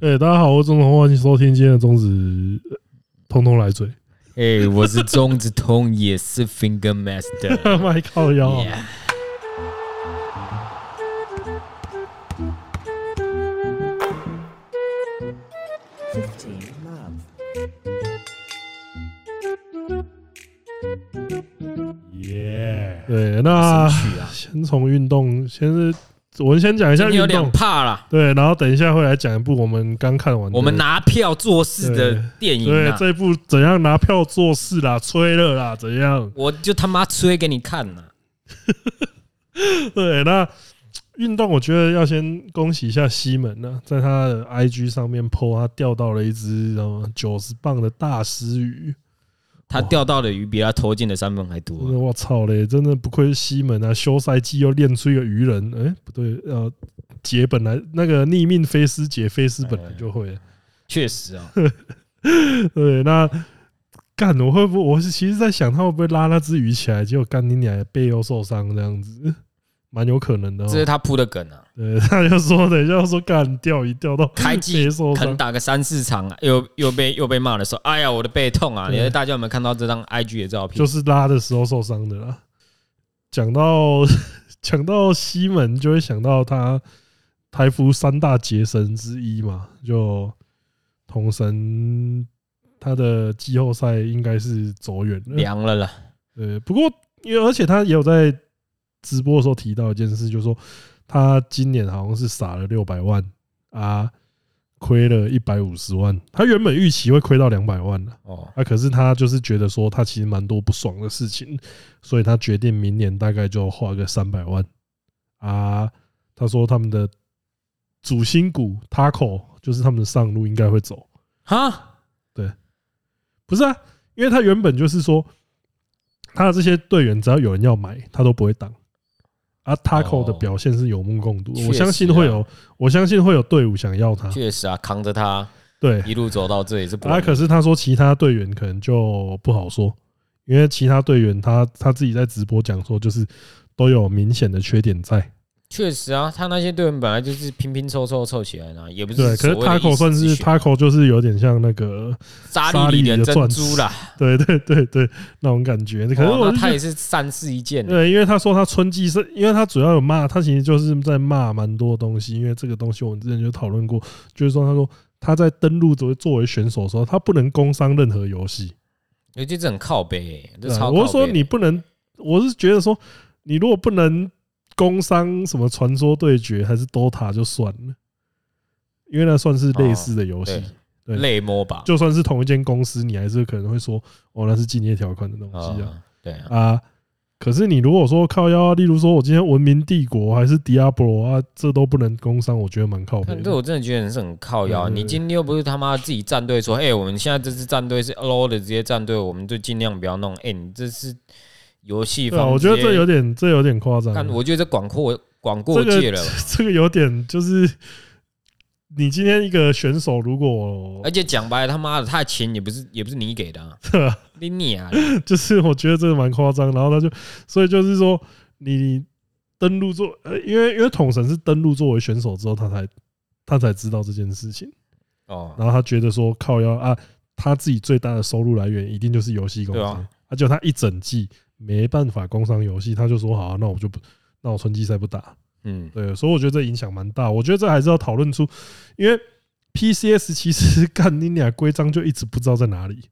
哎、欸，大家好，我是中指通，歡迎收聽今天的中指、呃、通通來嘴、欸。哎，我是中指通， 也是 finger master，麥 靠腰了。Yeah，對，那、啊、先從運動，先是。我們先講一下運動，你有點怕了。對，然後等一下會來講一部我們剛看完的，我們拿票做事的電影、啊。對，對，這一部怎樣拿票做事啦，吹了啦，怎樣？我就他媽吹給你看啦、啊。 對，那運動我覺得要先恭喜一下西門呢、啊，在他的 IG 上面 po 他釣到了一隻什麼九十磅的大石魚。他釣到的魚，比他投進的三分還多、啊。我操嘞！真的不愧是西門啊，休賽季又練出一個魚人。哎、欸，不對，呃、啊，傑本來那個逆命飛斯傑飛斯本來就會。確實啊、喔， 對，那干我會不？我是其實在想他會不會拉那隻魚起來，結果幹你娘背又受傷這樣子。蠻有可能的、哦，這是他鋪的梗啊。他就說，等一下說幹掉一掉到開季，可能打個三四場、啊，又又被又被罵的時候，哎呀，我的背痛啊！你看大家有沒有看到這張 IG 的照片？就是拉的時候受傷的啦。講到講到西門，就會想到他台服三大傑神之一嘛，就統神，他的季後賽應該是走遠了涼了啦。對，不過因為而且他也有在。直播的時候提到一件事，就是說他今年好像是撒了六百萬啊，虧了一百五十萬。他原本預期會虧到兩百萬的哦，那可是他就是覺得說他其實蠻多不爽的事情，所以他決定明年大概就花個三百萬啊。他說他們的主心骨 Taco 就是他們的上路應該會走啊，對，不是啊，因為他原本就是說他的這些隊員只要有人要買，他都不會擋。啊 Taco 的表現是有目共睹，我相信會有，我相信會有隊伍想要他。確實啊，扛着他，對，一路走到這裡是。啊，可是他說其他隊員可能就不好說，因為其他隊員他他自己在直播講說，就是都有明顯的缺點在。確實啊，他那些隊員本來就是拼拼湊湊湊起來的，也不是。對，可是 Taco 算是，Taco 就是有點像那個沙裡裡的珍珠啦，對對對對，那種感覺。可、哦、是他也是三世一件，對，因為他說他春季是因為他主要有罵，他其實就是在罵蠻多東西。因為這個東西我們之前就討論過，就是說他說他在登陸作作為選手的時候，他不能攻傷任何遊戲，尤其這很靠北、欸，這超、欸對。我是說你不能，我是覺得說你如果不能。工商什麼傳說對決還是 DOTA 就算了，因為那算是類似的遊戲，類摸吧，就算是同一間公司，你還是可能會說，哦，那是競業條款的東西啊。對啊，可是你如果說靠腰啊，例如說，我今天文明帝國還是迪亞波羅啊，這都不能工商，我覺得蠻靠。對，我真的覺得你是很靠腰。你今天又不是他媽自己戰隊說，哎，我們現在這支戰隊是 low 的，這些戰隊我們就盡量不要弄。哎，你這是。遊戲，對、啊，我覺得這有點，這有點誇張。我覺得這廣闊，廣闊界了、這個。這個有點，就是你今天一個選手，如果而且講白了，他媽的，他的錢也不是，也不是你給的、啊，啊、你你啊，就是我覺得這個蠻誇張。然後他就，所以就是說，你登錄做，因為因為統神是登錄作為選手之後，他才他才知道這件事情。哦，然後他覺得說靠腰啊，他自己最大的收入來源一定就是遊戲公司、啊，他、啊、就他一整季。沒辦法，工商遊戲，他就說好啊，那我就不，那我春季賽不打。嗯，對，所以我覺得這影響蠻大。我覺得這還是要討論出，因為 P C S 其實幹你娘規章就一直不知道在哪裡，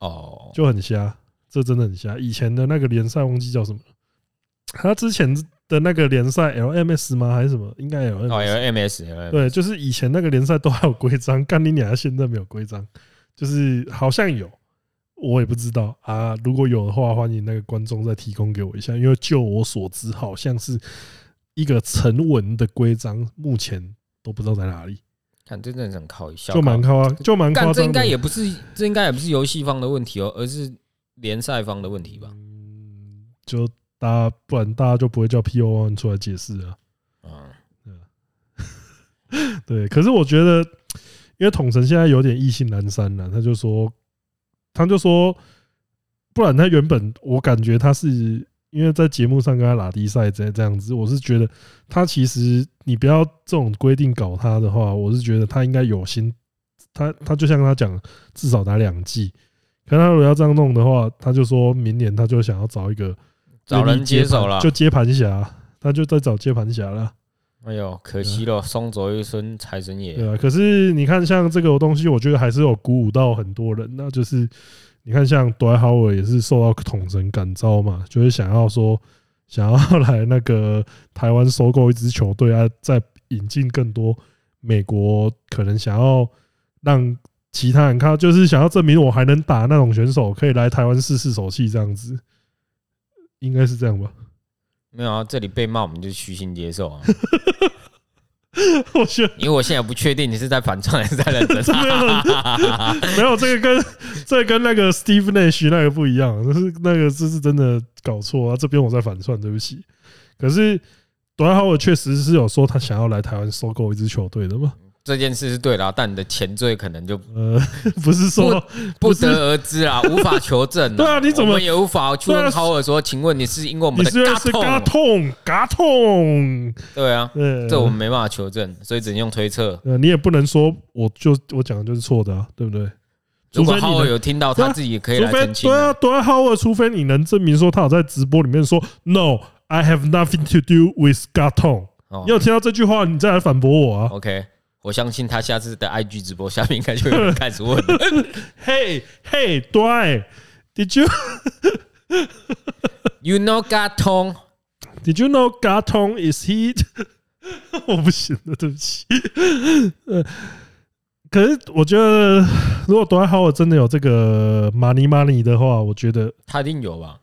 哦，就很瞎，這真的很瞎。以前的那個聯賽忘記叫什麼，他之前的那個聯賽 L M S 嗎？還是什麼？應該有哦，L M S LMS。對，就是以前那個聯賽都還有規章，幹你娘現在沒有規章，就是好像有。我也不知道啊，如果有的話，歡迎那個觀眾再提供給我一下，因為就我所知，好像是一個成文的規章，目前都不知道在哪裡。看真的很想靠一下，就蠻靠啊，就蠻靠。這應該也不是，這應該也不是遊戲方的問題哦，而是聯賽方的問題吧？嗯，就大家，不然大家就不會叫 PON 出來解釋啊。嗯，對。對，可是我覺得，因為統神現在有點意興闌珊了，他就說。他就說，不然他原本我感覺他是因為在節目上跟他拉低賽這這樣子，我是覺得他其實你不要這種規定搞他的話，我是覺得他應該有心，他他就像他講至少打兩季，可是他如果要這樣弄的話，他就說明年他就想要找一個找人接手了，就接盤俠，他就在找接盤俠了。哎呦，可惜了，松竹一身財神爺。啊、對啊，可是你看，像這個東西，我覺得還是有鼓舞到很多人，啊。那就是你看，像 Dwight Howard 也是受到統神感召嘛，就是想要說，想要來那個台灣收購一支球隊啊，再引進更多美國，可能想要讓其他人看，就是想要證明我還能打那種選手，可以來台灣試試手氣，這樣子，應該是這樣吧。沒有啊，這裡被罵我們就虛心接受啊。我去，因為我現在不確定你是在反串還是在認真啊。沒有這個跟這個跟那個 Steve Nash 那個不一樣，就是那個這是真的搞錯啊。這邊我在反串，對不起。可是 Dwight Howard 確實是有說他想要來台灣收購一支球隊的嘛。這件事是對的，但你的前綴可能就呃不是說不，不得而知啊，無法求證。 對啊，你怎麼也無法去問 Howard 說、啊：“請問你是因為我們的嘎痛嘎痛？”對啊，這我們沒辦法求證，所以只能用推測、呃。你也不能說我就我講的就是錯的啊，對不對？如果 Howard 有聽到他自己也可以來澄清。對啊，對啊，Howard 除非你能證明說他有在直播裡面說 “No, I have nothing to do with 嘎痛。”你有聽到這句話，你再來反駁我啊？OK。.我相信他下次的 IG 直播下面應該就會開始問呵呵。 hey, Hey, Dwight Did you, You know, Gattong? Did you know Gattong is he? 我不行了，對不起。呃、可是我覺得，如果 Dwight Howard 真的有這個 money money 的話，我覺得他一定有吧。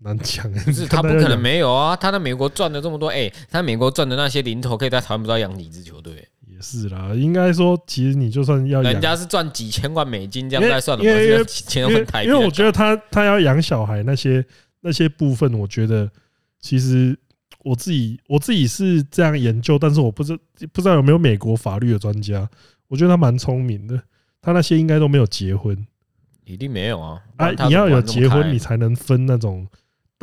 難講、欸，是他不可能沒有啊！他在美國賺了這麼多，誒、欸，他在美國賺的那些零頭，可以在台灣不知道養幾支球隊。對。也是啦，應該說，其實你就算要養，人家是賺幾千萬美金這樣來算的，因為因為因為我覺得他他要養小孩那些那些部分，我覺得其實我自己我自己是這樣研究，但是我不知道，不知道有沒有美國法律的專家，我覺得他蠻聰明的，他那些應該都沒有結婚，一定沒有啊，哎，你要有結婚你才能分那種。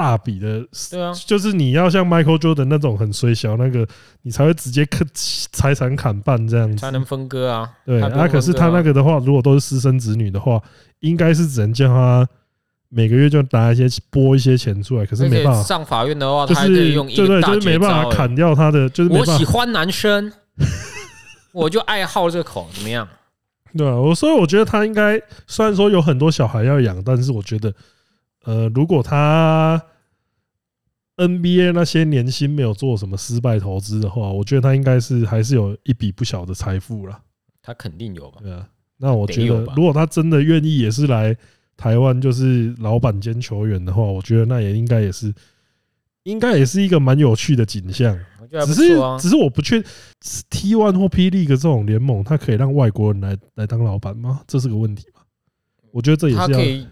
大筆的、啊，就是你要像 Michael Jordan 那種很衰小那個，你才會直接刻財產砍半這樣子，才能分割啊。對，那、啊啊、可是他那個的話、啊，如果都是私生子女的話，應該是只能叫他每個月就拿一些撥一些錢出來，可是沒辦法上法院的話，就是、他可以用對對，就是沒辦法砍掉他的。就是我喜歡男生， 我就愛好這口，怎麼樣？對啊，我所以我覺得他應該雖然說有很多小孩要養，但是我覺得，呃，如果他。NBA 那些年薪沒有做什麼失敗投資的話，我覺得他應該是還是有一筆不小的財富了。啊、他肯定有吧？對啊，那我覺得如果他真的願意也是來台灣，就是老板兼球員的話，我覺得那也應該也是應該也是一個蠻有趣的景象。只是只是我不確，T1 或 P League 這種聯盟，他可以讓外國人來來當老板嗎？這是個問題吧。我覺得這也是要。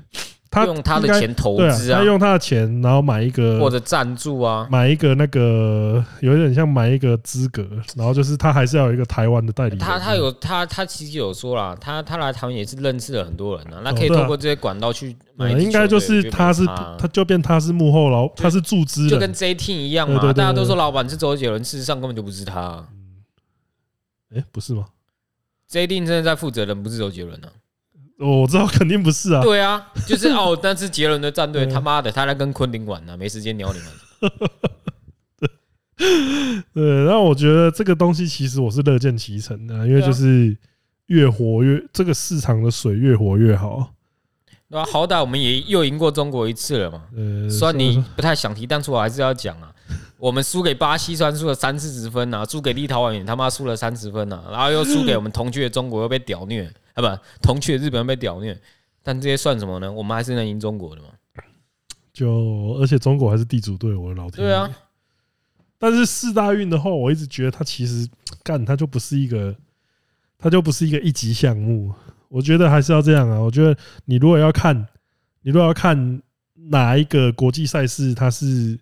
他用他的錢投資啊，啊，他用他的錢，然後買一個或者贊助啊，買一個那個有一點像買一個資格，然後就是他還是要有一個台灣的代理、欸。他他有他他其實有說啦，他他來台灣也是認識了很多人啊，那可以通過這些管道去買一、哦啊嗯。應該就是他是他就變他是幕後老，他是注資，就跟 J Team 一樣嘛。對對對對，大家都說老板是周杰倫，事實上根本就不是他、啊。哎、欸，不是嗎？J Team 真的在負責人不是周杰倫呢、啊？我知道肯定不是啊。對啊，就是哦，但是傑倫的戰隊， 他媽的，他在跟昆凌玩呢、啊，沒時間鳥你們。對，然後我覺得這個東西其實我是樂見其成的、啊，因為就是越活越這個市場的水越活越好、啊。那好歹我們也又贏過中國一次了嘛。雖然你不太想提， 但是我還是要講啊，我們輸給巴西，雖然輸了三四十分啊，輸給立陶宛也他媽輸了三十分啊，然後又輸給我們同居的中國， 又被屌虐。啊不，同去的日本人被屌虐，但這些算什麼呢？我們還是能贏中國的嘛？就而且中國還是地主隊，我的老天。對啊，但是世大運的話，我一直覺得它其實幹，它就不是一個，它就不是一個一級項目。我覺得還是要這樣啊。我覺得你如果要看，你如果要看哪一個國際賽事，它是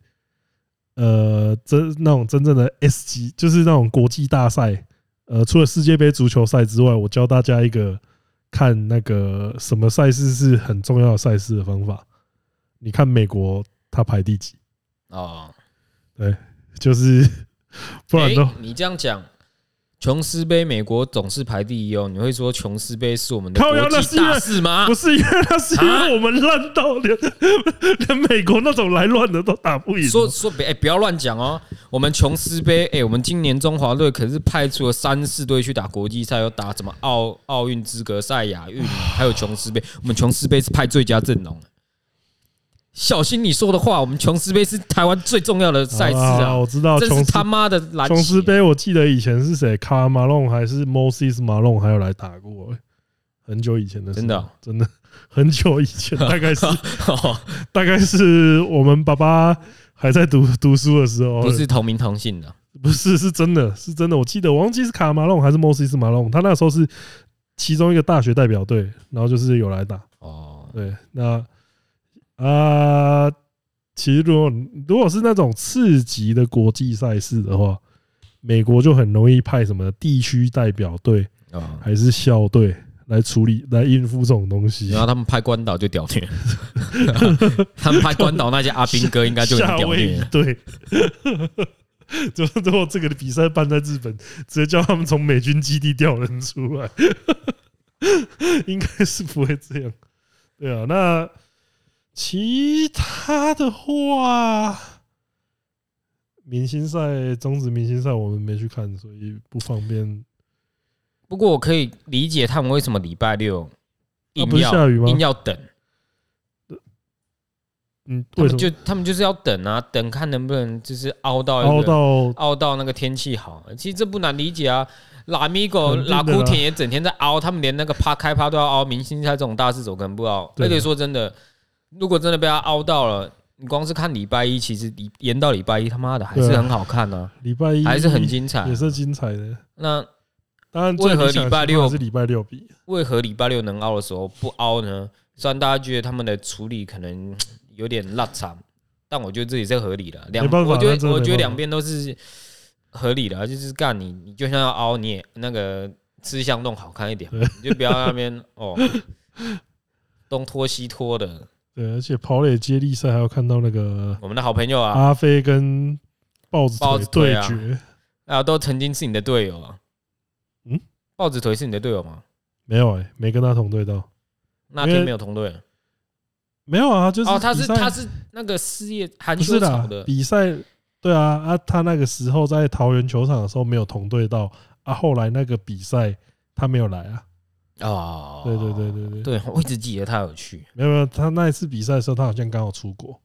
呃真那種真正的 S 級，就是那種國際大賽。呃，除了世界盃足球賽之外，我教大家一個看那個什麼賽事是很重要賽事的方法。你看美國，它排第幾？啊，對，就是 不然都、欸、你這樣講。瓊斯杯，美國總是排第一哦。你會說瓊斯杯是我們的國際大事嗎、啊？不、哎、是，因為他是，因為我們爛到連美國那種來亂的都打不贏。啊、說說別哎，不要亂講、欸、哦。我們瓊斯杯，哎，我們今年中華隊可是派出了三四隊去打國際賽，要打什麼奧奧運資格賽、亞運，還有瓊斯杯。我們瓊斯杯是派最佳陣容。小心你說的話，我們瓊斯杯是台灣最重要的賽事啊,啊,啊！我知道，這是他媽的籃球,瓊斯杯，我記得以前是誰，卡馬龍還是莫西斯馬龍，還有來打過、欸，很久以前的事。真的、啊，真的，很久以前， 大概是 好好，大概是我們爸爸還在讀讀書的時候。不是同名同姓的，不是，是真的，是真的。我記得，我忘記是卡馬龍還是莫西斯馬龍，他那時候是其中一個大學代表隊，然後就是有來打。哦，對，那。啊、呃，其實如果如果是那種次級的國際賽事的話，美國就很容易派什麼地區代表隊啊，還是校隊來處理來應付這種東西。然後他們派關島就屌片，他們派關島 那些阿兵哥應該就很屌對，最後最後這個比賽辦在日本，直接叫他們從美軍基地調人出來，應該是不會這樣。對啊，那。其他的話，明星賽、中職，明星賽我們沒去看，所以不方便。不過我可以理解他們為什麼禮拜六一定要一定、啊、要等。嗯，為什麼他就他們就是要等啊，等看能不能就是熬到熬到熬到那個天氣好。其實這不難理解啊，拉米狗、拉、嗯、姑田也整天在熬，他們連那個趴開趴都要熬。明星賽這種大事怎麼可能不熬？啊、而且說真的。如果真的被他凹到了，你光是看禮拜一，其實延到禮拜一，他媽的還是很好看呢。禮拜一還是很精彩，也是精彩的。那當然，為何禮拜六，為何禮拜六，為何禮拜六能凹的時候不凹呢？雖然大家覺得他們的處理可能有點拉長，但我覺得這也是合理的。兩邊，我覺得我覺得兩邊都是合理的啊，就是幹你，你就算要凹，你也那個吃相弄好看一點，你就不要那邊哦東拖西拖的。對，而且跑壘接力賽還有，看到那個我們的好朋友啊，阿飛跟豹子子腿對決啊，啊，都曾經是你的隊友啊。嗯，豹子腿是你的隊友嗎？沒有哎、欸，沒跟他同隊到。那天沒有同隊，啊。沒有啊，就是、哦、他是他是那個事業韓秋場的比賽，對啊啊，他那個時候在桃園球場的時候沒有同隊到啊，後來那個比賽他沒有來啊。哦、oh，對對對對對，我一直記得他有去，沒有沒有，他那一次比賽的時候，他好像剛好出國，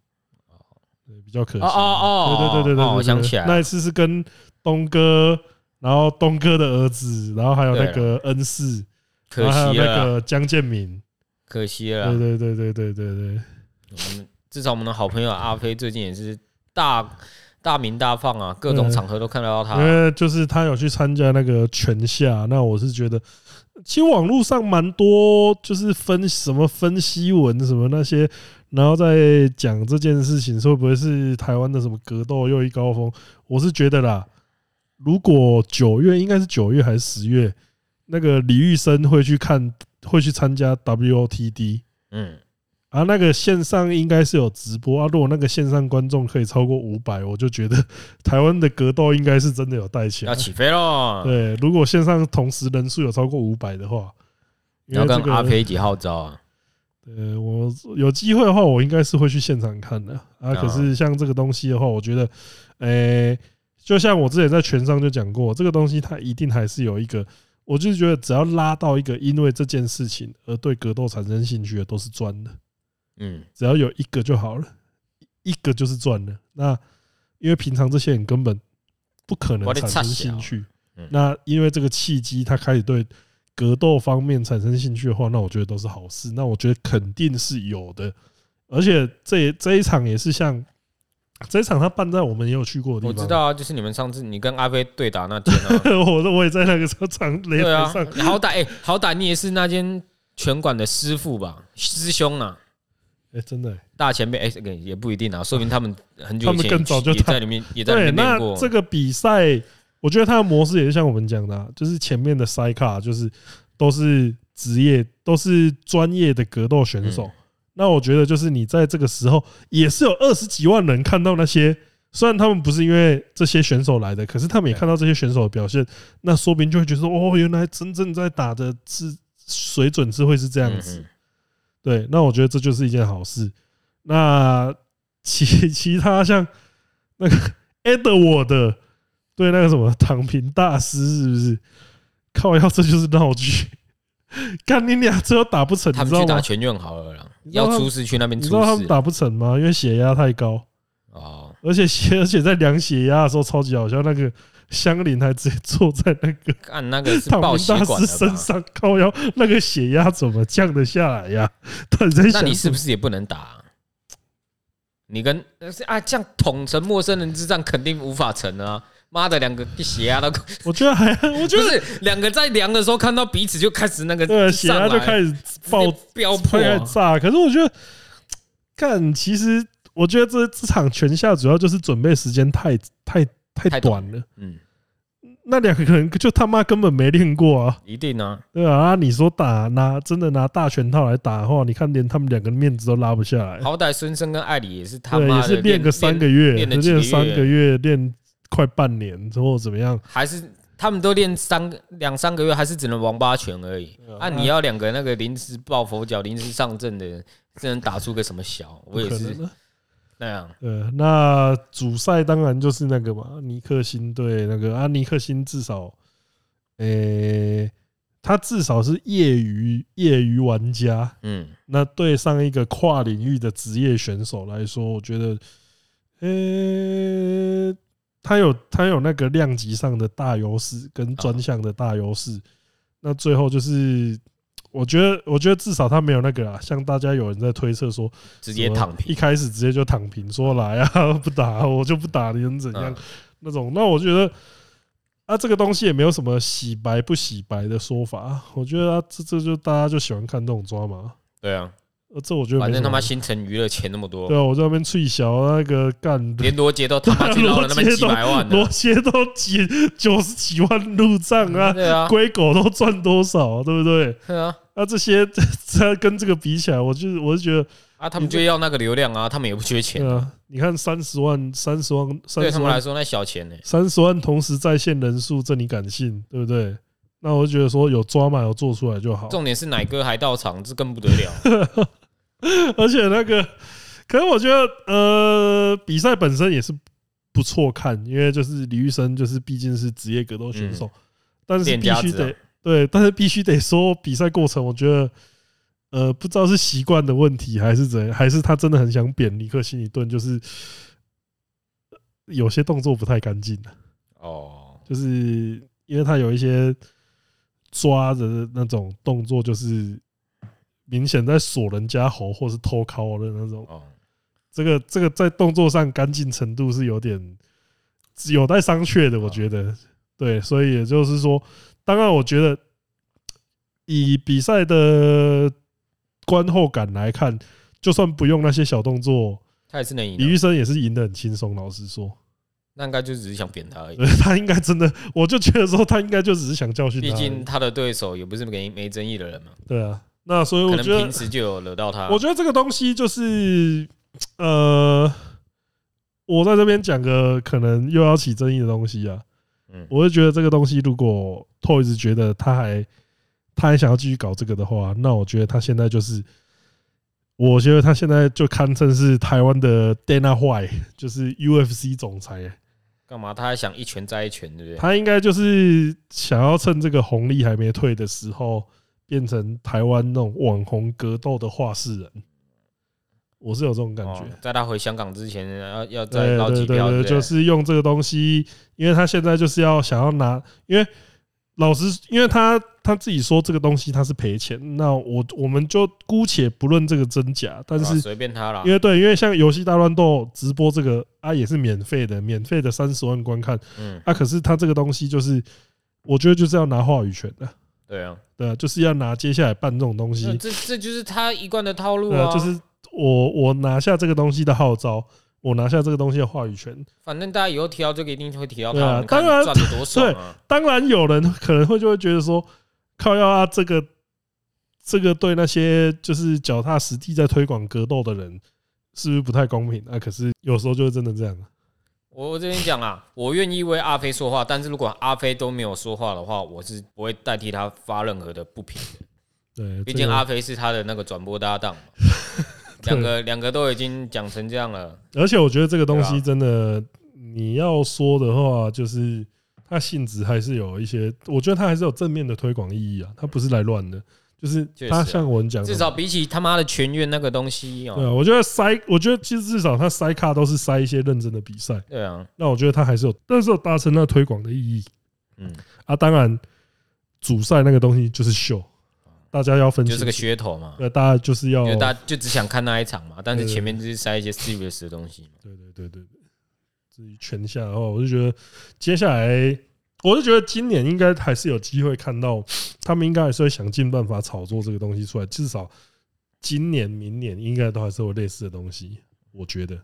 比較可惜哦哦，對對對對對，我想起來，那一次是跟東哥，然後東哥的兒子，然後還有那個恩師，可惜那個江建民，可惜了，對對對對對對對，至少我們的好朋友阿飛最近也是大大鳴大放啊，各種場合都看得到他，因為就是他有去參加那個全下，那我是覺得。其實網絡上蠻多，就是分什麼分析文什麼那些，然後再講這件事情，說會不會是台灣的什麼格鬥又一高峰？我是覺得啦，如果九月應該是九月還是十月，那個李玉生會去看，會去參加 WOTD，嗯。啊，那個線上應該是有直播啊。如果那個線上觀眾可以超過五百，我就覺得台灣的格鬥應該是真的有帶起來，要起飛咯！對，如果線上同時人數有超過五百的話，你要跟阿飛一起號召啊。呃，我有機會的話，我應該是會去現場看的啊。可是像這個東西的話，我覺得，誒，就像我之前在群上就講過，這個東西它一定還是有一個，我就覺得只要拉到一個因為這件事情而對格鬥產生興趣的，都是賺的。嗯，只要有一個就好了，一個就是賺了。那因為平常這些人根本不可能產生興趣。那因為這個契機，他開始對格鬥方面產生興趣的話，那我覺得都是好事。那我覺得肯定是有的，而且這這一場也是像這一場，他辦在我們也有去過的地方。我知道啊，就是你們上次你跟阿飛對打那天，我說我也在那個操場。對啊，好歹、欸、好歹你也是那間拳館的師傅吧，師兄啊。哎、欸，真的、欸，大前輩，哎、欸，這個也不一定啊，說明他們很久以前在他們更早就他在裡面，也在裡面練過。對，那這個比賽，我覺得他的模式也是像我們講的、啊，就是前面的賽卡，就是都是職業，都是專業的格鬥選手。嗯、那我覺得，就是你在這個時候，也是有二十幾萬人看到那些，雖然他們不是因為這些選手來的，可是他們也看到這些選手的表現，嗯、那說明就會覺得說，哦，原來真正在打的是水準是會是這樣子、嗯。嗯對，那我覺得這就是一件好事。那其其他像那個 Edward 對那個什麼躺平大師是不是？靠，要這就是鬧劇。看你倆最後打不成，他們去打全員好了啦，要出事去那邊，你知道他們打不成嗎？因為血壓太高啊，而且血，而且在量血壓的時候超級好笑那個。相鄰還直接坐在那個幹那個是爆血管，島田大師身上靠腰，那個血壓怎麼降得下來呀、啊？那你是不是也不能打、啊？你跟啊這樣捅成陌生人之戰，肯定無法成啊！媽的，兩個一血壓，都，我覺得還我覺得是兩個在量的時候看到彼此就開始那個、啊，血壓就開始爆飆破、啊、炸。可是我覺得，幹其實我覺得這這場拳下主要就是準備時間太太。太太短了，嗯，那兩個人就他媽根本沒練過啊！一定啊，嗯嗯啊、對啊，啊，你說打拿真的拿大拳套來打的話，你看連他們兩個面子都拉不下來。好歹孫生跟艾里也是他媽也是練個三個月，練三個月練快半年之後怎麼樣，還是他們都練三兩三個月，還是只能王八拳而已、啊。那你要兩個那個臨時抱佛腳、臨時上陣的人，這能打出個什麼小。我也是。對，啊、對，那主賽當然就是那個嘛，尼克辛對那個啊，尼克辛至少，誒、欸，他至少是業餘業餘玩家，嗯，那對上一個跨領域的職業選手來說，我覺得，誒、欸，他有他有那個量級上的大優勢跟專項的大優勢、啊，那最後就是。我覺得，我覺得至少他沒有那個啊，像大家有人在推測說，直接躺平，一開始直接就躺平，說來啊 不打，我就不打，你能怎樣、嗯、那種，那我覺得啊，這個東西也沒有什麼洗白不洗白的說法，我覺得、啊、這這就大家就喜歡看這種抓馬，對啊。啊、這我覺得，反正他媽新辰娛樂錢那麼多，對、啊，我在外面吹小那個幹，連羅傑都大聽了那麼幾百萬，羅傑都幾九十幾萬入賬啊，對啊，龜狗都賺多少，對不、啊、對？啊，啊，那、啊、這些在、啊、跟這個比起來，我就我是我就覺得啊，他們就要那個流量啊，他們也不缺錢啊，對啊。你看三十萬，三十萬，對他們來說那小錢呢？三十萬同時在線人數，這你敢信？對不對？那我就覺得說有抓馬有做出來就好、啊。啊啊啊、重點是奶哥還到場，這更不得了 而且那個，可是我覺得，呃，比賽本身也是不錯看，因為就是李玉生，就是畢竟是職業格鬥選手，但是必須得對，但是必須得說比賽過程，我覺得，呃，不知道是習慣的問題還是怎樣，還是他真的很想扁尼克辛一頓，就是有些動作不太乾淨哦，就是因為他有一些抓的那種動作，就是。明顯在鎖人家喉，或是偷拷的那種。啊，這個這個在動作上乾淨程度是有點有待商榷的，我覺得。對，所以也就是說，當然，我覺得以比賽的觀後感來看，就算不用那些小動作，他也是能贏。李玉生也是贏得很輕鬆，老實說，那應該就只是想扁他而已。他應該真的，我就覺得說，他應該就只是想教訓他。畢竟他的對手也不是沒沒爭議的人嘛。對啊。那所以我覺得平時就有惹到他。我覺得這個東西就是，呃，我在這邊講個可能又要起爭議的東西啊。嗯，我就覺得這個東西，如果 Toys 覺得他還他還想要繼續搞這個的話，那我覺得他現在就是，我覺得他現在就堪稱是台灣的 Dana White，就是 UFC 總裁。幹嘛？他還想一拳再一拳，對不對？他應該就是想要趁這個紅利還沒退的時候。變成台灣那種網紅格鬥的話事人，我是有這種感覺、哦。在他回香港之前要，要要再撈幾票，對對對對對，就是用這個東西，因為他現在就是要想要拿，因為老實，因為他他自己說這個東西他是賠錢，那我我們就姑且不論這個真假，但是隨便他了。因為對，因為像遊戲大亂鬥直播這個啊，也是免費的，免費的三十萬觀看，嗯，啊，可是他這個東西就是，我覺得就是要拿話語權的。對啊，對啊，就是要拿接下來辦這種東西這，這這就是他一貫的套路啊，對啊。就是我我拿下這個東西的號召，我拿下這個東西的話語權。反正大家以後提到這個一定就會提到他、啊，當然賺了多少、啊。 對，當然有人可能會就會覺得說靠要啊這個，這個對那些就是腳踏實地在推廣格鬥的人是不是不太公平、啊？那可是有時候就會真的這樣。我我這邊講啊，我願意為阿飛說話，但是如果阿飛都沒有說話的話，我是不會代替他發任何的不平的。對，畢竟阿飛是他的那個轉播搭檔嘛。兩個兩個都已經講成這樣了，而且我覺得這個東西真的，你要說的話就是，它性質還是有一些，我覺得它還是有正面的推廣意義啊，它不是來亂的。就是他像我們講、啊，至少比起他媽的全員那個東西哦對、啊，我覺得塞，我覺得其實至少他塞卡都是塞一些認真的比賽，對啊，那我覺得他還是有，但是有達成那個推廣的意義，嗯，啊，當然，主賽那個東西就是秀，大家要分，就是個噱頭嘛，那大家就是要，就是、大家就只想看那一場嘛，但是前面就是塞一些 serious 的東西嘛，對對對對對，至於全下的話，我就覺得接下來。我是覺得今年應該還是有機會看到，他們應該還是會想盡辦法炒作這個東西出來。至少今年、明年應該都還是會類似的東西。我覺得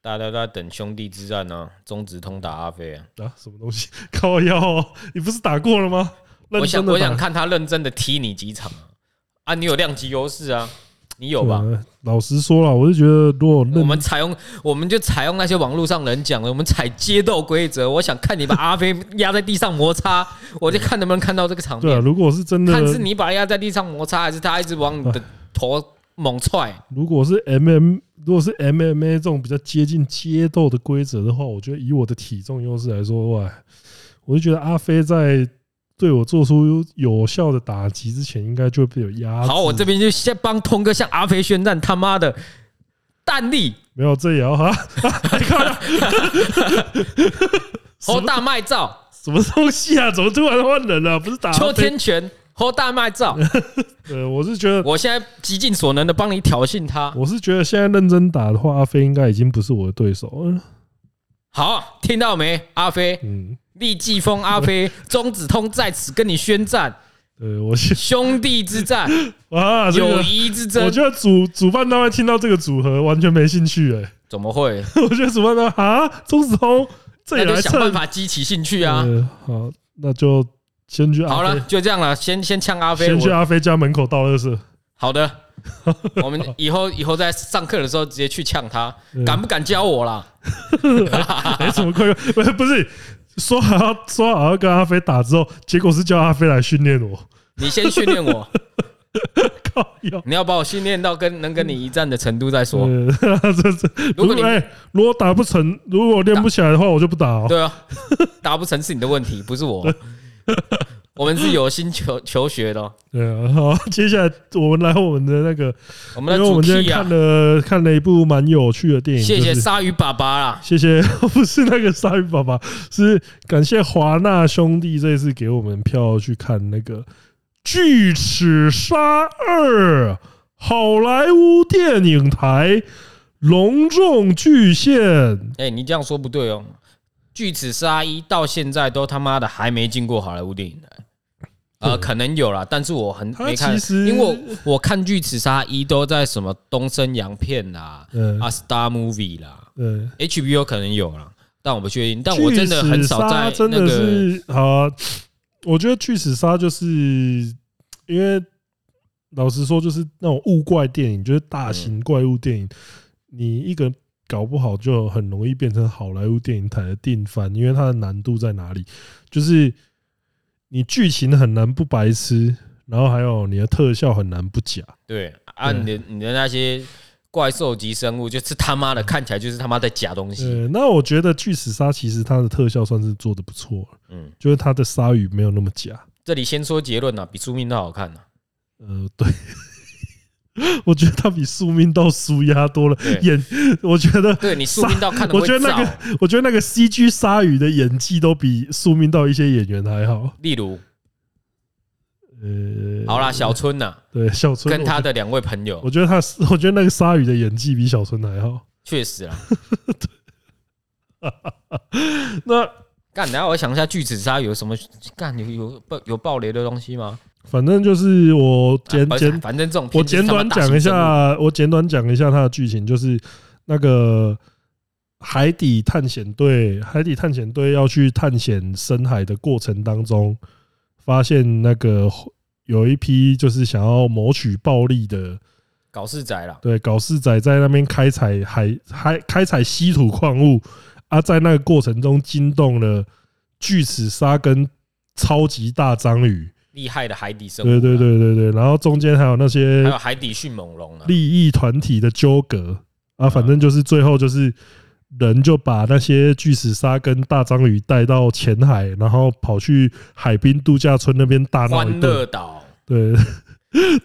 大家都在等兄弟之戰呢、啊，中指通打阿飛啊？啊，什麼東西？靠腰、哦，你不是打過了嗎？我想，我想看他認真的踢你幾場啊！啊，你有量級優勢啊！你有吧？老實說了，我就覺得，如果我們採用，我們就採用那些網絡上人講的，我們採街鬥規則。我想看你把阿飛壓在地上摩擦，我就看能不能看到這個場面。對啊，如果是真的，看是你把他壓在地上摩擦，還是他一直往你的頭猛踹？如果是 M M，如果是 M M A 這種比較接近街鬥的規則的話，我覺得以我的體重優勢來說，哇，我就覺得阿飛在。對我做出有效的打擊之前，應該就會被有壓力。好，我這邊就先幫通哥向阿飛宣戰，他媽的彈力沒有這樣哈。哦， 大麥照什麼東西啊？怎麼突然換人了啊？不是打秋天拳哦，大麥照。呃，我是覺得我現在極盡所能的幫你挑釁他。我是覺得現在認真打的話，阿飛應該已經不是我的對手了。好，啊，聽到沒，阿飛？嗯。立技瘋阿飛，中指通在此跟你宣戰。對、呃、我是兄弟之戰啊，友誼之戰，我覺得主主辦單位聽到這個組合完全沒興趣哎。欸，怎麼會？我覺得主辦單位啊，中指通，這還得想辦法激起興趣啊。呃、好，那就先去阿飛好了，就這樣了。先先嗆阿飛，先去阿飛家門口倒垃圾。好的，我們以後以後在上課的時候直接去嗆他。嗯，敢不敢教我啦？沒、欸欸、什麼困難，不不是。說好說好要跟阿飛打之後，結果是叫阿飛來訓練我。你先訓練我，你要把我訓練到跟能跟你一戰的程度再說。如果你、欸、如果打不成，如果練不起來的話，我就不打喔。對啊，打不成是你的問題，不是我。我們是有心求求學的、哦，對啊。好，接下來我們來我們的那個，我們今天看了看了一部蠻有趣的電影，謝謝《鯊魚爸爸》啦。謝謝，不是那個《鯊魚爸爸》，是感謝華納兄弟這次給我們票去看那個《巨齒鯊二》，好萊塢電影台隆重巨獻。哎，你這樣說不對哦，《巨齒鯊一》到現在都他媽的還沒進過好萊塢電影台呃，可能有啦，但是我很沒看，因為我我看巨齒鯊一都在什麼東升洋片啦，啊 Star Movie 啦，嗯 HBO 可能有啦，但我不確定。但我真的很少在那個啊，我覺得巨齒鯊就是因為老實說，就是那種物怪電影，就是大型怪物電影，嗯、你一個搞不好就很容易變成好萊塢電影台的定番，因為它的難度在哪裡，就是。你劇情很難不白痴，然後還有你的特效很難不假。對，啊，你的你的那些怪獸級生物，就是他媽的看起來就是他媽的假東西。那我覺得巨齒鯊其實它的特效算是做的不錯、啊、嗯，就是它的鯊魚沒有那麼假、嗯。這裡先說結論啊，比宿命都好看啊。呃，對。我覺得他比《宿命道》紓壓多了演，我覺得對你《宿命道》看，我覺得那個我覺得那個 CG 鯊魚的演技都比《宿命道》一些演員還好，例如，呃，好啦，小春啊，對小春跟他的兩位朋友，我覺得他，我覺得那個鯊魚的演技比小春還好，確實啦。 對笑那。幹，等下我想一下，巨齒鯊有什麼幹，有有爆有爆雷的東西嗎？反正就是我簡簡、啊、反正這種我簡短講一下，我簡短講一下它的劇情，就是那個海底探險隊，海底探險隊要去探險深海的過程當中，發現那個有一批就是想要謀取暴利的搞事仔啦，對，搞事仔在那邊開採海海開採稀土礦物。他、啊、在那個過程中驚動了巨齒鯊跟超級大章魚，厲害的海底生物。對對對對對，然後中間還有那些，還有海底迅猛龍利益團體的糾葛啊，反正就是最後就是人就把那些巨齒鯊跟大章魚帶到淺海，然後跑去海濱度假村那邊大鬧一頓，對，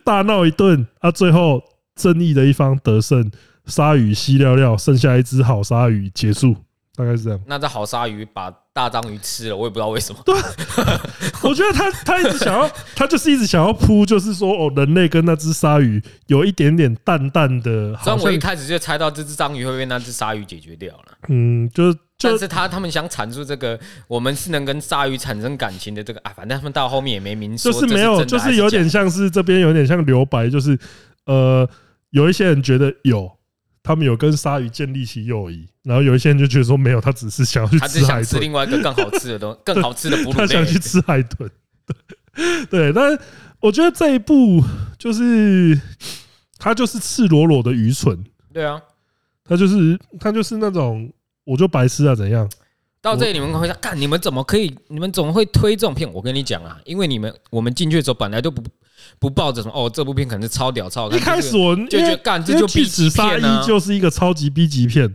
大鬧一頓啊，最後正義的一方得勝，鯊魚吸溜溜，剩下一只好鯊魚，結束。大概是這樣。那隻好鯊魚把大章魚吃了，我也不知道為什麼。對 我覺得他他一直想要，他就是一直想要撲，就是說哦，人類跟那隻鯊魚有一點點淡淡的。好像我一開始就猜到這隻章魚會，會被那隻鯊魚解決掉了。嗯，就是，但是他他們想闡述這個，我們是能跟鯊魚產生感情的這個啊，哎，反正他們到後面也沒明，明說，就是沒有是是，就是有點像是這邊有點像留白，就是呃，有一些人覺得有。他們有跟鯊魚建立起友誼，然後有一些人就覺得說沒有，他只是想要去吃海豚，吃另外一個更好吃的東，更好吃的哺乳類 他想去吃海豚。對， 對但我覺得這一步就是他就是赤裸裸的愚蠢。對啊，他就是他就是那種我就白痴啊，怎樣？到這裡你們會看，你們怎麼可以？你們怎麼會推這種片。我跟你講啊，因為你們我們進去的時候本來就不。不抱着什麼哦，這部片可能是超屌超。一開始我就覺得，幹這就 B 級片呢、啊，e、就是一個超級 B 級片。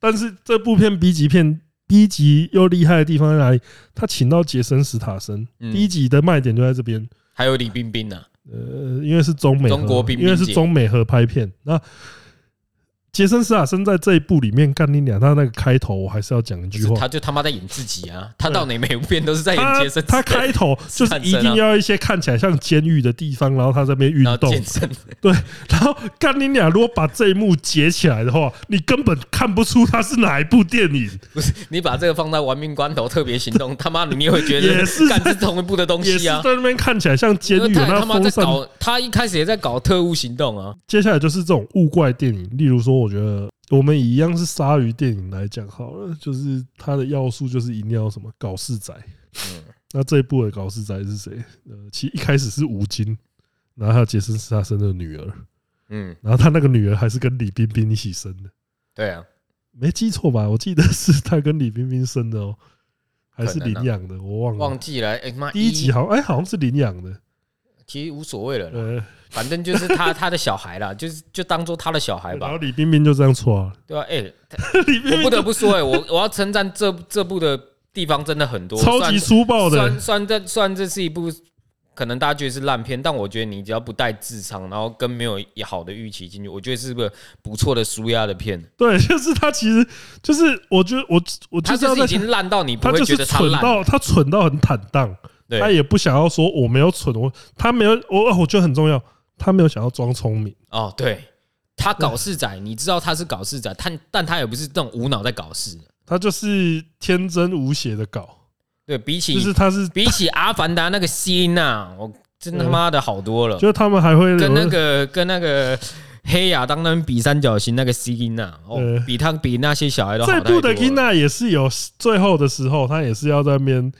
但是這部片 B 級片 B 級又厲害的地方在哪裡？他請到傑森·史塔森，B 級的賣點就在這邊。還有李冰冰呢？呃，因為是中美因為是中美合拍片那。傑森·斯坦森在這一部裡面，幹你娘他那個開頭，我還是要講一句話。他就他媽在演自己啊！他到哪每部片都是在演傑森。他開頭就是一定要一些看起來像監獄的地方，然後他在那邊運動、健身。對，然後幹你娘如果把這一幕截起來的話，你根本看不出他是哪一部電影。不是，你把這個放在《玩命關頭》《特別行動》他，他媽你也會覺得也是感知同一部的東西啊，在那邊看起來像監獄。他媽在搞、那個，他一開始也在搞特務行動啊。接下來就是這種物怪電影，例如說。我。我覺得我們一樣是鯊魚電影來講好了，就是它的要素就是一定要什麼搞事仔、嗯。嗯、那這一部的搞事仔是誰？其實一開始是吳京，然後傑森·史塔森的女兒。嗯，然後他那個女兒還是跟李冰冰一起生的、嗯。對呀、啊，沒記錯吧？我記得是他跟李冰冰生的哦、喔，還是領養的？我忘了，忘記了。哎第一集好像哎、欸，好像是領養的。其實無所謂了。反正就是他 他的小孩啦，就是就當做他的小孩吧。然後李冰冰就這樣錯啊，對、欸、吧？哎，李冰冰我不得不說、欸，哎，我我要稱讚這這部的地方真的很多，超級粗暴的算。算這算這是一部可能大家覺得是爛片，但我覺得你只要不帶智商，然後跟沒有好的預期進去，我覺得是個不錯的舒壓的片。對，就是他其實就是我覺得我我就是他這已經爛到你不會覺得蠢到他蠢到很坦蕩，對，他也不想要說我沒有蠢，我他沒有我我覺得很重要。他沒有想要裝聰明哦，對他搞事仔，你知道他是搞事仔，他但他也不是這種無腦在搞事，他就是天真無邪的搞。對比起就是他是比起阿凡達那個 Cina，、啊、我真的他媽的好多了。就他們還會跟那個跟那個黑亞當那邊比三角形那個 Cina 哦，比他比那些小孩都好。在《布的 Cina 也是有最後的時候，他也是要在那邊。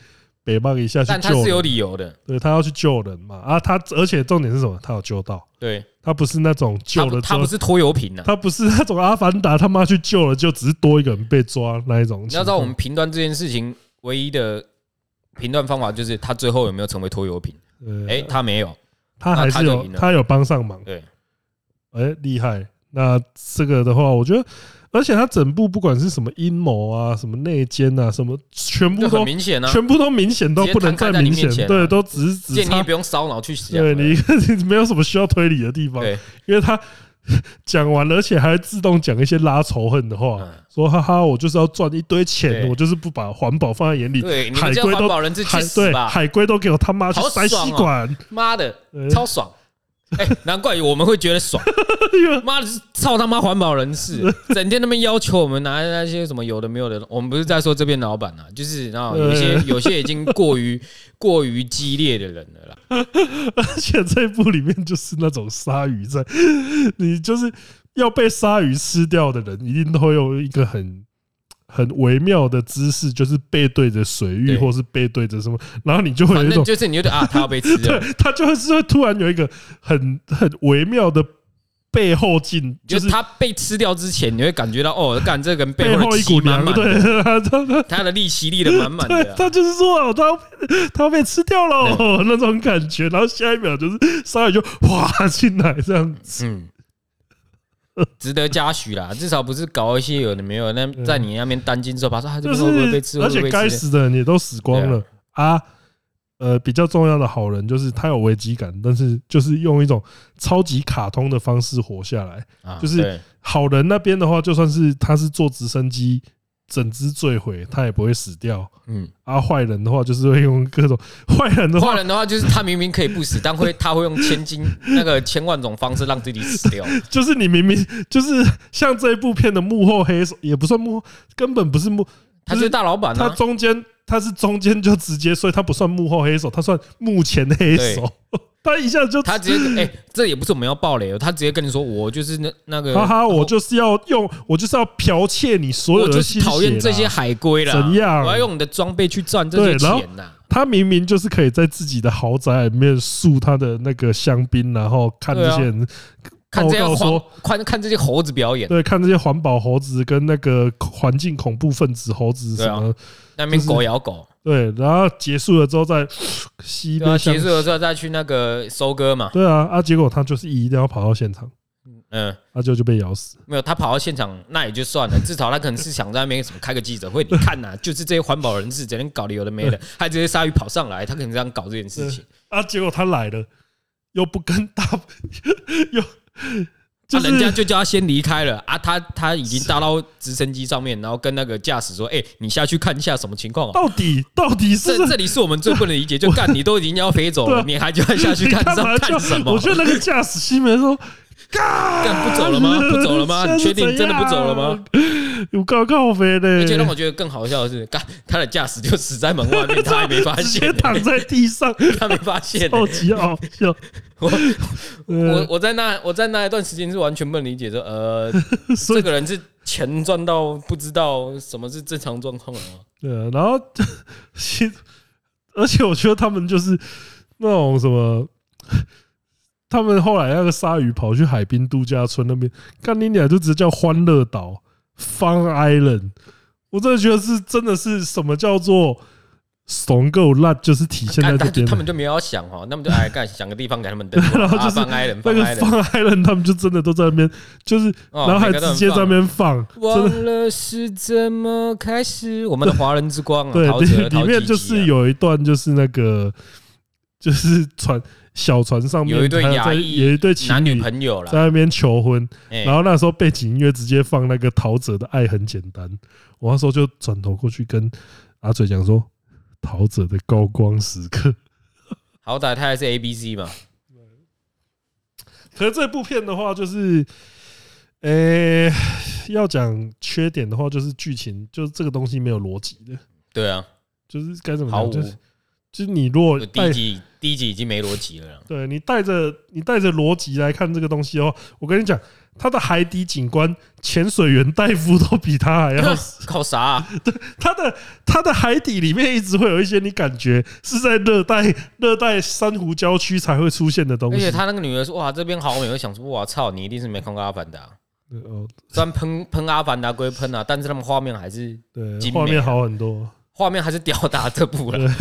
北貓一下，但他是有理由的，對，他要去救人嘛，啊，他而且重點是什麼？他有救到，對，他不是那種救的，他不是拖油瓶的，他不是那種阿凡達他媽去救了就只是多一個人被抓那一種。你要知道我們評斷這件事情唯一的評斷方法就是他最後有沒有成為拖油瓶，誒，他沒有，他還是有他有幫上忙，對，誒，厲害，那這個的話，我覺得。而且他整部不管是什麼陰謀啊，什麼內奸啊，什麼全部都、啊、全部都明顯都不能再明顯，對，都只是插在你、啊、指指插建議，不用燒腦去想，對你，對你 沒有什麼需要推理的地方，因為他講完而且還自動講一些拉仇恨的話，說哈哈，我就是要賺一堆錢，我就是不把環保放在眼裡。對，海龜都對，海龜都給我他媽去塞吸管，媽的，超爽。哎、欸，難怪我們會覺得爽！媽的，操他媽環保人士，整天那邊要求我們拿那些什麼有的沒有的。我們不是在說這邊老闆啊，就是然後有些有些已經過於過於激烈的人了啦。而且這一部裡面就是那種鯊魚在，你就是要被鯊魚吃掉的人，一定都會有一個很。很微妙的姿勢，就是背對着水域，或是背對着什麼，然後你就會有一種，就是你就覺得啊，他要被吃掉， 對，他就會是會突然有一個很很微妙的背後勁，就是他被吃掉之前，你會感覺到哦，幹這個背，背後一股涼，對，他的力氣立的滿滿的，他就是說啊，他要被他要被吃掉了那種感覺，然後下一秒就是鯊魚就哇進來這樣子，嗯。 值得嘉許啦，至少不是搞一些有的沒有。那在你那邊擔驚受怕說啊、嗯，就是而且該死的人也都死光了啊。呃，比較重要的好人就是他有危機感，但是就是用一種超級卡通的方式活下來。就是好人那邊的話，就算是他是坐直升機。整隻墜毀，他也不會死掉。嗯，阿壞人的話就是會用各種壞人的話，壞人的話就是他明明可以不死，但會他會用千金那個千萬種方式讓自己死掉。就是你明明就是像這一部片的幕後黑手，也不算幕後，根本不是幕，他是大老闆。他中間他是中間就直接，所以他不算幕後黑手，他算幕前黑手。他一下就，他直接哎、欸，這也不是我們要爆雷哦，他直接跟你說，我就是那那個，哈哈，我就是要用，我就是要剽竊你所有的心，我就討厭這些海龜啦。怎樣？我要用你的裝備去賺這些錢吶。他明明就是可以在自己的豪宅裡面樹他的那個香檳，然後看這些人，看這些說看看這些猴子表演，對，看這些環保猴子跟那個環境恐怖分子猴子什麼，啊、那邊狗咬狗。對，然後結束了之後再西，對、啊，結束了之後再去那個收割嘛。對啊，啊，結果他就是一定要跑到現場，嗯，那、嗯、就、啊、就被咬死。沒有，他跑到現場那也就算了，至少他可能是想在那邊什麼開個記者會， 你看吶、啊，就是這些環保人士整天搞的有的沒的，嗯、還有這些鯊魚跑上來，他可能這樣搞這件事情。嗯、啊，結果他來了，又不跟大 又。 那、就是啊、人家就叫他先離開了啊他、！他他已經搭到直升機上面，然後跟那個駕駛說：“哎，你下去看一下什麼情況、啊？到底到底是這，這裡是我們最不能理解，就幹你都已經要飛走了，你還叫他下去看，你知道幹什麼幹？”我覺得那個駕駛西門說：“幹、啊、不走了嗎？不走了嗎？你確定真的不走了嗎？有高高飛的。”而且讓我覺得更好笑的是，幹他的駕駛就死在門外面，他還沒發現、欸，躺在地上，他沒發現、欸，超級好笑。我我我在那我在那一段時間是完全不能理解，的，呃，這個人是錢賺到不知道什麼是正常狀況了，對啊，然後，而且我覺得他們就是那種什麼，他們後來那個鯊魚跑去海濱度假村那邊，幹，你倆，就直接叫歡樂島 Fun Island，我真的覺得是真的是什麼叫做。慫夠爛，就是體現在這邊。他們就沒有要想哦，那麼就哎幹，想個地方給他們。啊、然後就是那個放愛人，放愛人，他們就真的都在那邊，就是然後還直接在那邊放。忘了是怎麼開始，我們的華人之光啊。對，裡面就是有一段，就是那個，就是船小船上面有一對男女，有一對男女朋友了，在那邊求婚。然後那時候背景音樂直接放那個陶喆的《愛很簡單》，我那時候就轉頭過去跟阿嘴講說。逃者的高光時刻， 好歹他還是 A B C 嘛。可是這部片的話，就是，誒、欸、要講缺點的話，就是劇情，就是這個東西沒有邏輯的。對啊，就是該怎麼講，就是就是你若第一集，第一集已經沒邏輯了。對，你帶着你帶着邏輯來看這個東西哦、喔，我跟你講，他的海底景觀，潛水員戴夫都比他還要。靠啥？對，他的他的海底裡面一直會有一些你感覺是在熱帶熱帶珊瑚礁區才會出現的東西。而且他那個女兒說：“哇，這邊好美！”也會想說：“我操，你一定是沒看過《阿凡達》。”對哦，雖然噴噴《阿凡達》歸噴啊，但是他們畫面還是對畫面好很多。畫面還是吊打這部了，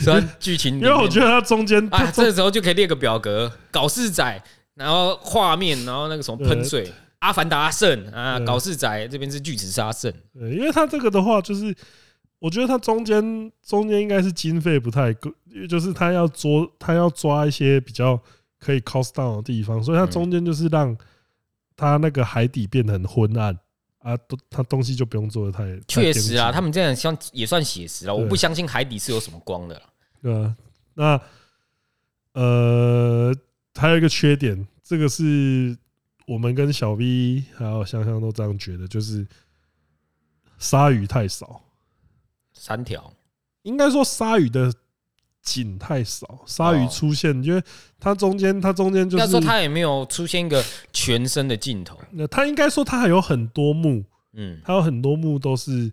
雖然劇情因為我覺得它中間啊，啊，這時候就可以列個表格，搞事仔，然後畫面，然後那個什麼噴水，《阿凡達》勝啊，搞事仔這邊是巨齒鯊勝，對，因為它這個的話，就是我覺得它中間中間應該是經費不太夠，因為就是他要捉他要抓一些比較可以 cost down 的地方，所以它中間就是讓它那個海底變得很昏暗。啊，都他東西就不用做得太確實啊，他們這樣像也算寫實了。我不相信海底是有什麼光的啦。對啊，那呃還有一個缺點，這個是我們跟小 V 還有香香都這樣覺得，就是鯊魚太少，三條，應該說鯊魚的。景太少，鯊魚出現。因為它中間，它中間就是說它也沒有出現一個全身的鏡頭。那它應該說它還有很多幕，嗯，它有很多幕都是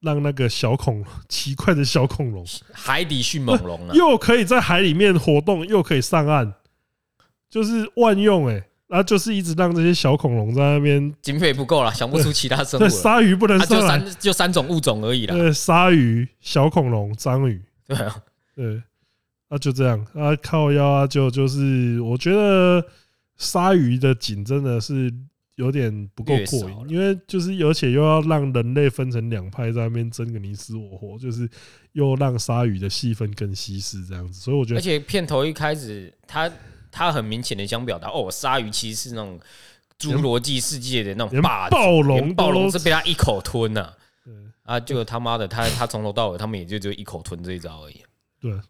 讓那個小恐奇怪的小恐龍海底迅猛龍，又可以在海裡面活動，又可以上岸，就是萬用哎、欸。那、啊、就是一直讓這些小恐龍在那邊，經費不夠了，想不出其他生物，鯊魚不能上來，就三種物種而已了。對，鯊魚、小恐龍、章魚，對啊。對，啊就這樣啊靠腰，啊就就是我覺得鯊魚的景真的是有點不夠過癮，因為就是，而且又要讓人類分成兩派在那邊爭個你死我活，就是又讓鯊魚的戲份更稀釋這樣子，所以我覺得，而且片頭一開始，他他很明顯的想表達哦，鯊魚其實是那種侏羅紀世界的那種霸暴龍，暴龍是被他一口吞吶，對啊，就他媽的他他從頭到尾他們也就就一口吞這一招而已。對，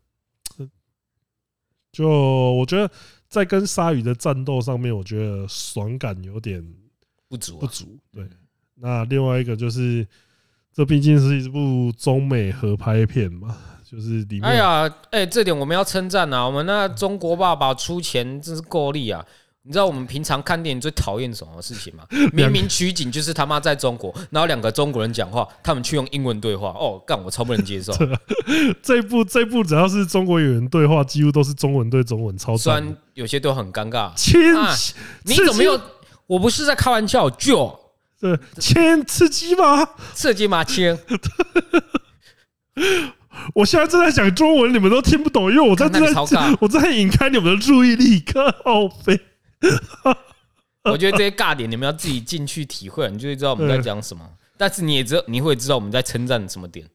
就我覺得在跟鯊魚的戰鬥上面，我覺得爽感有點不足啊。不足啊，對，那另外一個就是，這畢竟是一部中美合拍片嘛，就是裡面哎呀，哎，欸，這點我們要稱讚啊，我們那中國爸爸出錢真是夠力啊。你知道我們平常看電影最討厭什麼事情嗎？明明取景就是他媽在中國，然後兩個中國人講話，他們卻用英文對話。哦，幹，我超不能接受！這部這部只要是中國演員對話，幾乎都是中文對中文，超，雖然有些都很尷尬。親，你怎麼又？我不是在開玩笑，就對，親，刺激嗎？刺激嗎？親，我現在正在講中文，你們都聽不懂，因為我正在，我正在引開你們的注意力，咖啡。 我覺得這些尬點，你們要自己進去體會，你就會知道我們在講什麼。但是你也知道，你會知道我們在稱讚什麼點、欸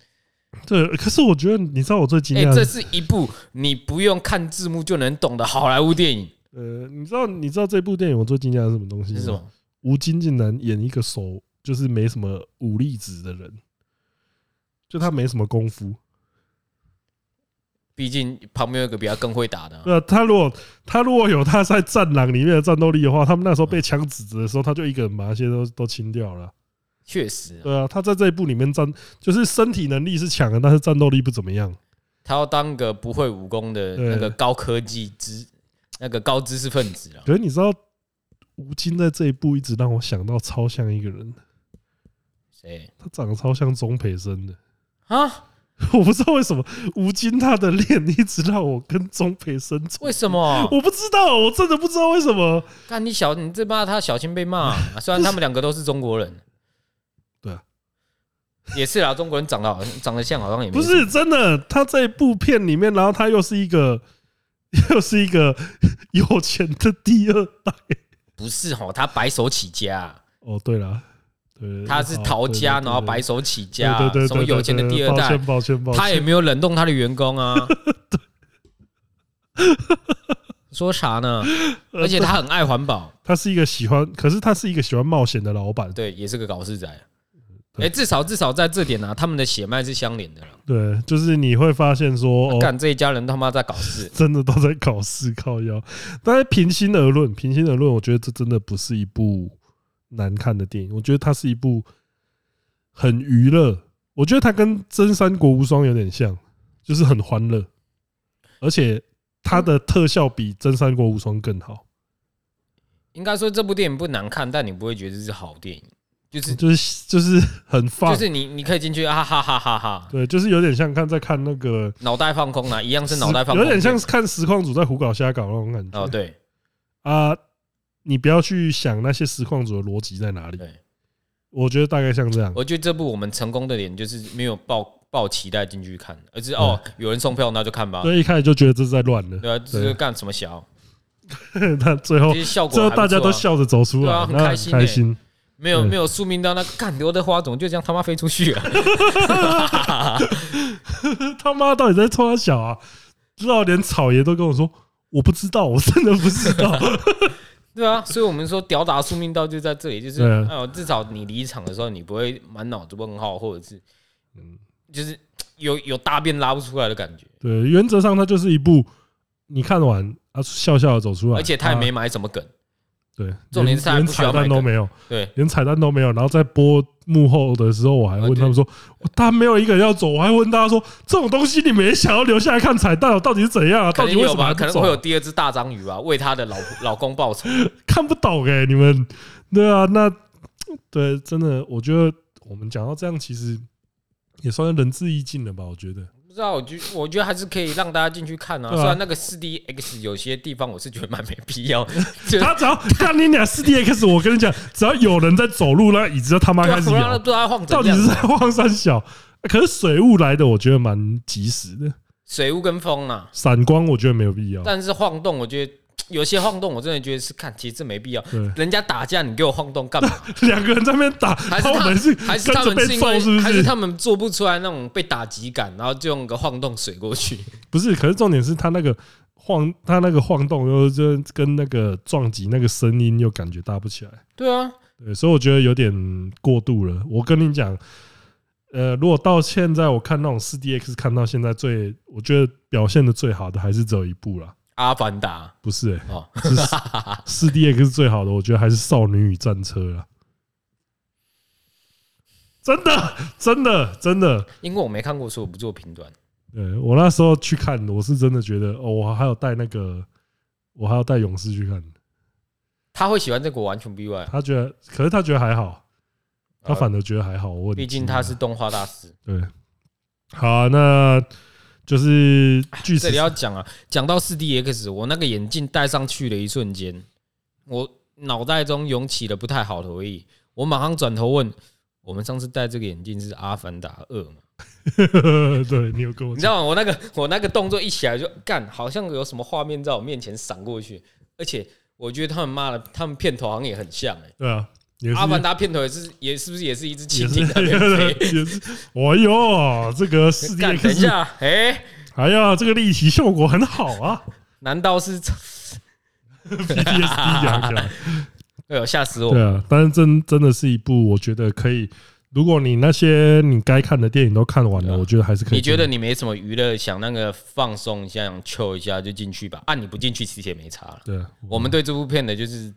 這呃這什麼。對，可是我覺得，你知道我最驚訝、欸，這是一部你不用看字幕就能懂的好萊塢電影。呃，你知道，你知道這部電影我最驚訝的是什麼東西是？是什麼？吳京竟然演一個手就是沒什麼武力值的人，就他沒什麼功夫。畢竟旁邊有個比他更會打的，啊。對啊，他如果他如果有他在《戰狼》裡面的戰鬥力的話，他們那時候被槍指着的時候，他就一個人把那些都都清掉了，啊。確實，啊。對啊，他在這一部裡面戰，就是身體能力是強的，但是戰鬥力不怎麼樣。他要當個不會武功的那個高科技知，那個高知識分子啊。可是你知道，吳京在這一部一直讓我想到超像一個人。誰？他長得超像鍾培生的。啊？我不知道為什麼吳京他的臉一直讓我跟鍾培生。為什麼？我不知道，我真的不知道為什麼。那你小你這罵他小心被罵、啊，雖然他們兩個都是中國人，對啊，也是啦，中國人長得好 長得像好像也。不是真的，他在一部片裡面，然後他又是一個又是一個有錢的第二代，不是哈、哦，他白手起家、啊。哦，對了。他是逃家，然後白手起家，什麼有錢的第二代，對對對對，他也沒有冷凍他的員工啊。 說啥呢？而且他很愛環保、嗯，他是一個喜歡，可是他是一個喜歡冒險的老闆，對，也是個搞事仔。哎、欸，至少至少在這點呢、啊，他們的血脈是相連的對，就是你會發現說，幹、哦、這一家人他媽在搞事，真的都在搞事靠腰。但是平心而論，平心而論，我覺得這真的不是一部。難看的電影，我覺得它是一部很娛樂。我覺得它跟《真三國無雙》有點像，就是很歡樂，而且它的特效比《真三國無雙》更好。應該說這部電影不難看，但你不會覺得這是好電影，就是就是就是很放，就是你你可以進去啊哈哈哈哈，對，就是有點像看在看那個腦袋放空啊一樣，是腦袋放空，有點像是看實況組在胡搞瞎搞那種感覺。哦，對，啊。你不要去想那些實況主的邏輯在哪裡。我覺得大概像這樣。我覺得這部我們成功的點就是沒有抱抱期待進去看，而是哦有人送票那就看吧。所以一開始就覺得這是在亂了。對啊，這是幹什麼小？ 那最後，效果，最後大家都笑着走出來，啊、很開心、欸。開心。沒有沒有宿命到，那幹劉德華怎麼就這樣他媽飛出去啊？ 他媽到底在衝他小啊？知道連草爺都跟我說，我不知道，我真的不知道。 對啊，所以我們說屌打宿命道就在這裡，就是、哎、至少你離場的時候，你不會滿腦子問號，或者是，就是有有大便拉不出來的感覺。對，原則上它就是一部你看完啊笑笑走出來，而且他也沒埋什麼梗。對，連彩蛋都沒有，對有，連彩蛋都沒有。然後在播幕後的時候，我還問他們說，他、啊、沒有一個人要走，我還問大家說，這種東西你沒想要留下來看彩蛋，到底是怎樣？啊有吧？到底為什麼、啊、可能會有第二隻大章魚啊，為他的老老公報仇 看不懂哎、欸，你們，對啊，那對，真的，我覺得我們講到這樣，其實也算是仁至義盡了吧，我覺得。不知道，我覺我覺得還是可以讓大家進去看啊。啊、雖然那個 4DX 有些地方我是覺得蠻沒必要的。 他只要看你倆 4DX，我跟你講，只要有人在走路，那椅子就他媽開始、啊、我不知道晃，到底是在晃三小。可是水霧來的，我覺得蠻及時的。水霧跟風啊，閃光我覺得沒有必要。但是晃動，我覺得。有些晃動，我真的覺得是看，其實這沒必要。人家打架，你給我晃動幹嘛？兩個人在那邊打，還是他們，還是他們還是他們做不出來那種被打擊感，然後就用個晃動甩過去。不是，可是重點是他那個晃，他那個晃動就是跟那個撞擊那個聲音又感覺搭不起來。對啊，對，所以我覺得有點過度了。我跟你講，呃，如果到現在我看那種四 D X，看到現在最我覺得表現的最好的還是只有一部啦。阿凡達、啊、不是哎、欸，哦、是四 D X 是最好的，我覺得還是《少女與戰車》啊，真的，真的，真的，因為我沒看過，所以我不做評斷。對我那時候去看，我是真的覺得，哦，我還有帶那個，我還要帶勇士去看。他會喜歡這個，我完全不意外。他覺得，可是他覺得還好，他反而覺得還好。我畢竟他是動畫大師。對，好，那。就是實實、啊、這裡要講啊，講到四 D X，我那個眼鏡戴上去的一瞬間，我腦袋中湧起了不太好的回憶。我馬上轉頭問，我們上次戴這個眼鏡是《阿凡達二》嗎？ 對，你有跟我講你知道嗎？我那個我那個動作一起來就幹，好像有什麼畫面在我面前閃過去，而且我覺得他們媽的，他們片頭好像也很像哎、欸。對啊。阿凡達片頭也是，也是不是也是一隻蜻蜓？也是，哎呦，這個世界，等一下，哎、欸，哎呀，這個立體效果很好啊！難道是 PTSD？哎呦，嚇、 啊啊啊、死我！對啊，但是真真的是一部，我覺得可以。如果你那些你該看的電影都看完了、啊，我覺得還是可以。你覺得你沒什麼娛樂，想那個放鬆一下、想 chill 一下，就進去吧。啊，你不進去，其實也沒差了對，啊。對、嗯，我們對這部片的就是。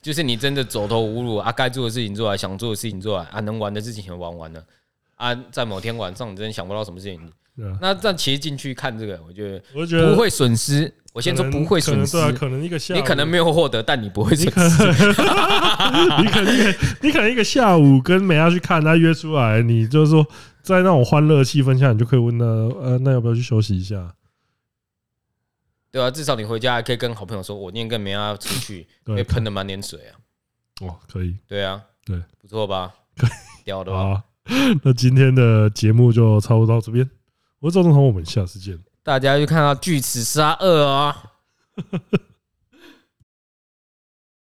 就是你真的走投無路啊，該做的事情做啊，想做的事情做啊，啊，能玩的事情也玩完了，啊，在某天晚上，你真的想不到什麼事情。Yeah、那這樣其實進去看這個，我覺得，我覺得，不會損失。我先說不會損失可能，可能對啊，可能一個下午，你可能沒有獲得，但你不會損失。你可能 你可能一個下午跟美亞去看，她約出來，你就是說在那種歡樂的氣氛下，你就可以問她，呃，那要不要去休息一下？對啊，至少你回家還可以跟好朋友說，我今天跟梅出去被噴的滿臉水啊！哦，可以，對啊，對，不錯吧？可以，屌的吧？好啊！那今天的節目就差不多到這邊，我是趙正宏，我們下次見，大家就看到巨齒鯊二啊！